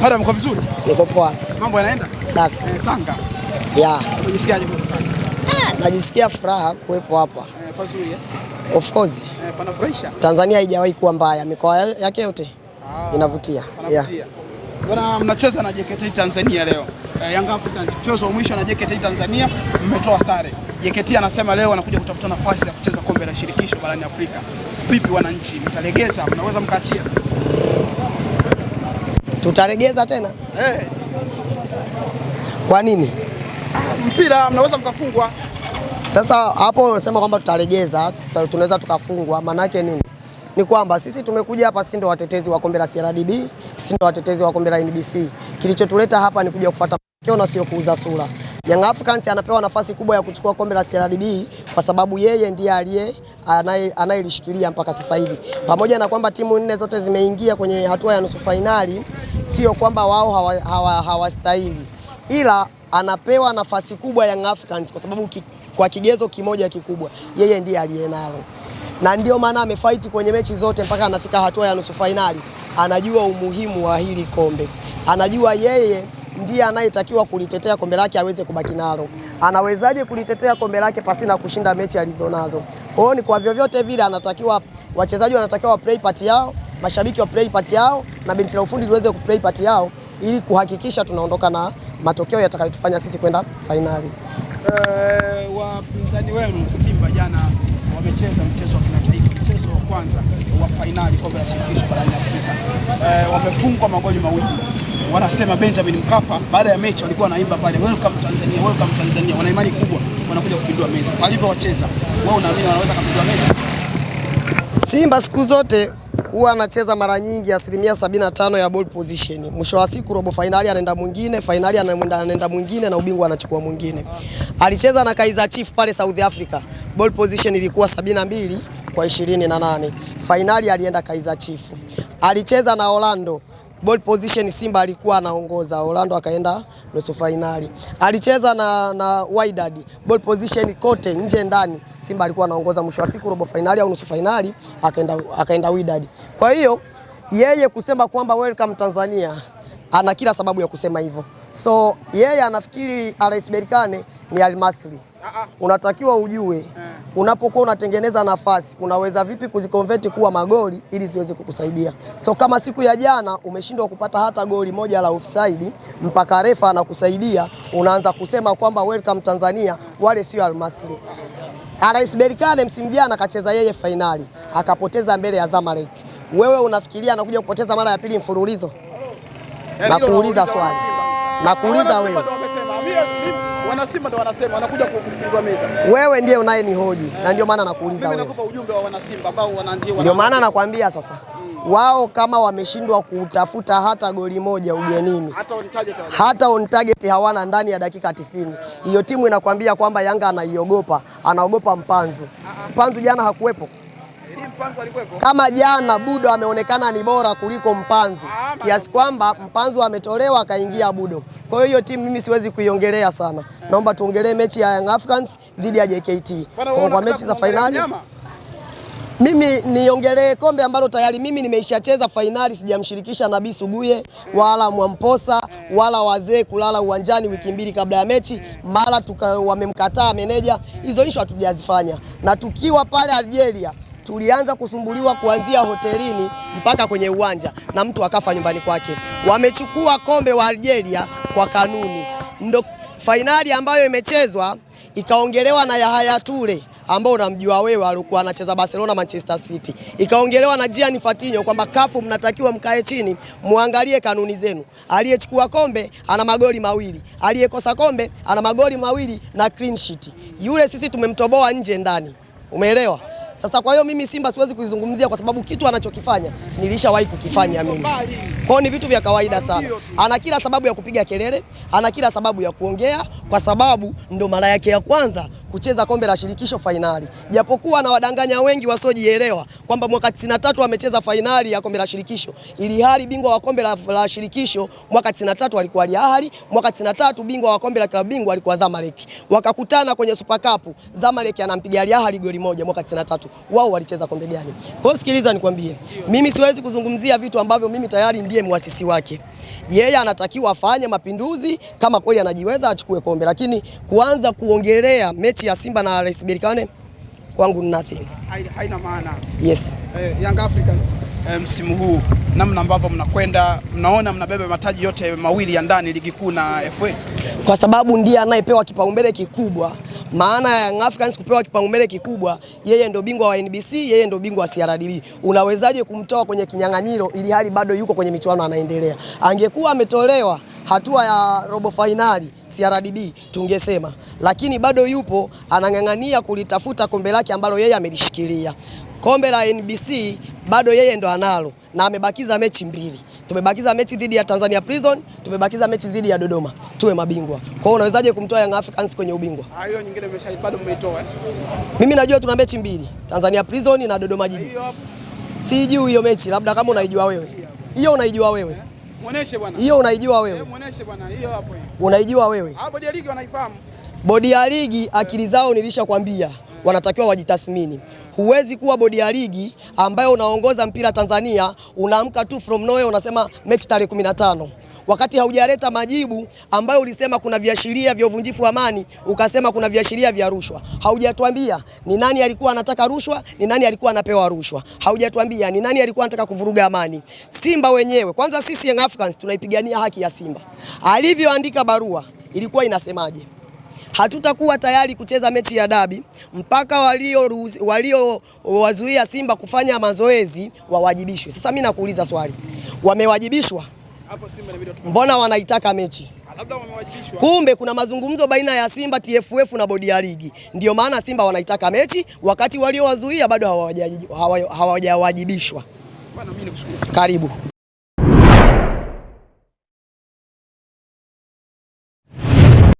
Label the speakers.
Speaker 1: Mara mko vizuri? Niko poa. Mambo yanaenda? Safi. Eh, Tanga. Yeah. Unajisikiaje hapo?
Speaker 2: Ah, najisikia furaha kuwepo hapa.
Speaker 1: Eh, pazuri eh. Of course. Eh, panafurahisha.
Speaker 2: Tanzania haijawahi kuwa mbaya. Mikoa yake yote ah, inavutia.
Speaker 1: Panavutia. Bwana mnacheza na JKT Tanzania leo. Uh, eh, Young Africans mchezo wa mwisho na JKT Tanzania mmetoa sare. JKT anasema leo anakuja kutafuta nafasi ya kucheza kombe la shirikisho barani Afrika. Vipi wananchi, mtalegeza? Mnaweza mkaachia?
Speaker 2: tutaregeza tena hey. Kwa nini
Speaker 1: mpira mnaweza mkafungwa?
Speaker 2: Sasa hapo unasema kwamba tutaregeza, tunaweza tukafungwa, yake nini? Ni kwamba sisi tumekuja hapa, si watetezi wa kombe la CRDB, si watetezi wa kombe la NBC. Kilichotuleta hapa ni kuja kufuata Kiona sio kuuza sura. Young Africans anapewa nafasi kubwa ya kuchukua kombe la CRDB kwa sababu yeye ndiye aliye anayelishikilia mpaka sasa hivi. Pamoja na kwamba timu nne zote zimeingia kwenye hatua ya nusu fainali, sio kwamba wao hawastahili hawa, hawa ila anapewa nafasi kubwa Young Africans kwa sababu ki, kwa kigezo kimoja kikubwa yeye ndiye aliye nalo, na ndio maana amefight kwenye mechi zote mpaka anafika hatua ya nusu fainali. Anajua umuhimu wa hili kombe, anajua yeye ndiye anayetakiwa kulitetea kombe lake aweze kubaki nalo. Anawezaje kulitetea kombe lake pasina kushinda mechi alizonazo? Kwa hiyo ni kwa vyovyote vile anatakiwa, wachezaji wanatakiwa play part yao, mashabiki wa play part yao, na benchi la ufundi liweze play part yao ili kuhakikisha tunaondoka na matokeo yatakayotufanya sisi kwenda fainali.
Speaker 1: Uh, eh, wapinzani wenu Simba jana wamecheza mchezo wa kimataifa, mchezo wa kwanza wa fainali kombe la shirikisho barani Afrika, uh, wamefungwa magoli mawili wanasema Benjamin Mkapa baada ya mechi walikuwa wanaimba pale, welcome Tanzania, welcome Tanzania. Wana imani kubwa, wanakuja kupindua meza walivyowacheza wao. Unaamini wanaweza kupindua meza?
Speaker 2: Simba siku zote huwa anacheza mara nyingi asilimia 75 ya ball position. Mwisho wa siku robo finali anaenda mwingine, finali anaenda anaenda mwingine na ubingwa anachukua mwingine. Alicheza na Kaizer Chiefs pale South Africa. Ball position ilikuwa 72 kwa 28. Finali alienda Kaizer Chiefs. Alicheza na Orlando ball position Simba alikuwa anaongoza, Orlando akaenda nusu fainali. Alicheza na, na Wydad, ball position kote nje ndani, Simba alikuwa anaongoza, mwisho wa siku robo fainali au nusu fainali akaenda akaenda Wydad. Kwa hiyo yeye kusema kwamba welcome Tanzania ana kila sababu ya kusema hivyo. So yeye anafikiri Rais Berkane ni almasri. Uh ah, -uh. Ah. Unatakiwa ujue uh eh. -huh. unapokuwa unatengeneza nafasi unaweza vipi kuzikonveti kuwa magoli ili ziweze kukusaidia. So kama siku ya jana umeshindwa kupata hata goli moja la offside, mpaka refa anakusaidia, unaanza kusema kwamba welcome Tanzania, wale sio almasri. Rais Berkane msimu jana akacheza yeye fainali akapoteza mbele ya Zamalek. Wewe unafikiria anakuja kupoteza mara ya pili mfululizo? Yaani nakuuliza swali nakuuliza wewe
Speaker 1: wana Simba ndo wanasema wanakuja meza.
Speaker 2: wewe, ndiye unaye ni hoji na ndio maana nakuuliza wewe.
Speaker 1: Nakupa ujumbe wa wana Simba ambao wanaandia, ndio
Speaker 2: maana nakwambia sasa mm. Wao kama wameshindwa kutafuta hata goli moja ugenini,
Speaker 1: hata on target,
Speaker 2: hata on target hawana ndani ya dakika 90 hiyo yeah. Timu inakwambia kwamba Yanga anaiogopa, anaogopa Mpanzu.
Speaker 1: Ah, ah. Mpanzu
Speaker 2: jana hakuwepo kama jana Budo ameonekana ni bora kuliko Mpanzu ah, kiasi kwamba Mpanzu ametolewa akaingia Budo. Kwa hiyo hiyo timu mimi siwezi kuiongelea sana, naomba tuongelee mechi ya Young Africans dhidi ya JKT
Speaker 1: kwa, kwa mechi
Speaker 2: za fainali. Mimi niongelee kombe ambalo tayari mimi nimeishacheza fainali, sijamshirikisha Nabii Suguye wala Mwamposa wala wazee kulala uwanjani wiki mbili kabla ya mechi, mara wamemkataa meneja. Hizo issue hatujazifanya, na tukiwa pale Algeria tulianza kusumbuliwa kuanzia hotelini mpaka kwenye uwanja na mtu akafa nyumbani kwake. Wamechukua kombe wa Algeria kwa kanuni. Ndo fainali ambayo imechezwa ikaongelewa na Yahaya Toure ambao unamjua wewe, alikuwa anacheza Barcelona, Manchester City, ikaongelewa na Gianni Infantino kwamba kafu, mnatakiwa mkae chini muangalie kanuni zenu. Aliyechukua kombe ana magoli mawili, aliyekosa kombe ana magoli mawili na clean sheet. Yule sisi tumemtoboa nje ndani, umeelewa? Sasa kwa hiyo mimi Simba siwezi kuizungumzia kwa sababu kitu anachokifanya nilishawahi kukifanya mimi. Kwa hiyo ni vitu vya kawaida sana. Ana kila sababu ya kupiga kelele, ana kila sababu ya kuongea kwa sababu ndo mara yake ya kwanza kucheza kombe la shirikisho fainali, japokuwa na wadanganya wengi wasiojielewa kwamba mwaka tatu amecheza fainali ya kombe la shirikisho, ili hali bingwa wa kombe la, la shirikisho mwaka tatu alikuwa Al Ahly, mwaka tatu bingwa wa kombe la klabu bingwa alikuwa Zamalek. Wakakutana kwenye Super Cup, Zamalek anampiga Al Ahly goli moja mwaka tatu. Wao walicheza kombe gani? Kwa sikiliza, nikwambie, mimi siwezi kuzungumzia vitu ambavyo mimi tayari ndiye muasisi wake. Yeye anatakiwa afanye mapinduzi, kama kweli anajiweza achukue kombe, lakini kuanza kuongelea mechi mechi ya Simba na RS Berkane kwangu nothing, haina maana. Yes.
Speaker 1: Eh, Young Africans eh, msimu huu namna ambavyo mnakwenda mnaona mnabeba mataji yote mawili ya ndani ligi kuu na FA,
Speaker 2: kwa sababu ndiye anayepewa kipaumbele kikubwa. Maana ya Young Africans kupewa kipaumbele kikubwa, yeye ndo bingwa wa NBC, yeye ndo bingwa wa CRDB. Unawezaje kumtoa kwenye kinyang'anyiro ili hali bado yuko kwenye michuano anaendelea? Angekuwa ametolewa hatua ya robo fainali CRDB tungesema, lakini bado yupo anang'ang'ania kulitafuta kombe lake ambalo yeye amelishikilia. Kombe la NBC bado yeye ndo analo na amebakiza mechi mbili. Tumebakiza mechi dhidi ya Tanzania Prison, tumebakiza mechi dhidi ya Dodoma, tuwe mabingwa. Kwa hiyo unawezaje kumtoa Young Africans kwenye ubingwa?
Speaker 1: Ah, hiyo nyingine imeshaipata umeitoa. Eh?
Speaker 2: Mimi najua tuna mechi mbili, Tanzania Prison na Dodoma Jiji. Sijui hiyo mechi, labda kama unaijua wewe. Hiyo unaijua wewe. Muoneshe bwana. Hiyo unaijua wewe?
Speaker 1: Muoneshe bwana. Hiyo hapo hiyo.
Speaker 2: Unaijua wewe?
Speaker 1: Ah, bodi ya ligi wanaifahamu.
Speaker 2: Bodi ya ligi akili zao nilishakwambia wanatakiwa wajitathmini. Huwezi kuwa bodi ya ligi ambayo unaongoza mpira Tanzania, unaamka tu from nowhere unasema mechi tarehe 15 wakati haujaleta majibu ambayo ulisema kuna viashiria vya uvunjifu wa amani, ukasema kuna viashiria vya rushwa. Haujatuambia ni nani alikuwa anataka rushwa, ni nani alikuwa anapewa rushwa. Haujatuambia ni nani alikuwa anataka kuvuruga amani. Simba wenyewe kwanza, sisi Young Africans tunaipigania haki ya Simba. Alivyoandika barua ilikuwa inasemaje? Hatutakuwa tayari kucheza mechi ya dabi mpaka walio walio wazuia Simba kufanya mazoezi wawajibishwe. Sasa mimi nakuuliza swali, wamewajibishwa?
Speaker 1: hapo Simba inabidi
Speaker 2: Mbona wanaitaka mechi?
Speaker 1: Ah, labda wamewajibishwa.
Speaker 2: Kumbe kuna mazungumzo baina ya Simba, TFF na bodi ya ligi, ndio maana Simba wanaitaka mechi, wakati waliowazuia bado hawajawajibishwa.
Speaker 1: Bwana mimi nikushukuru.
Speaker 2: Karibu.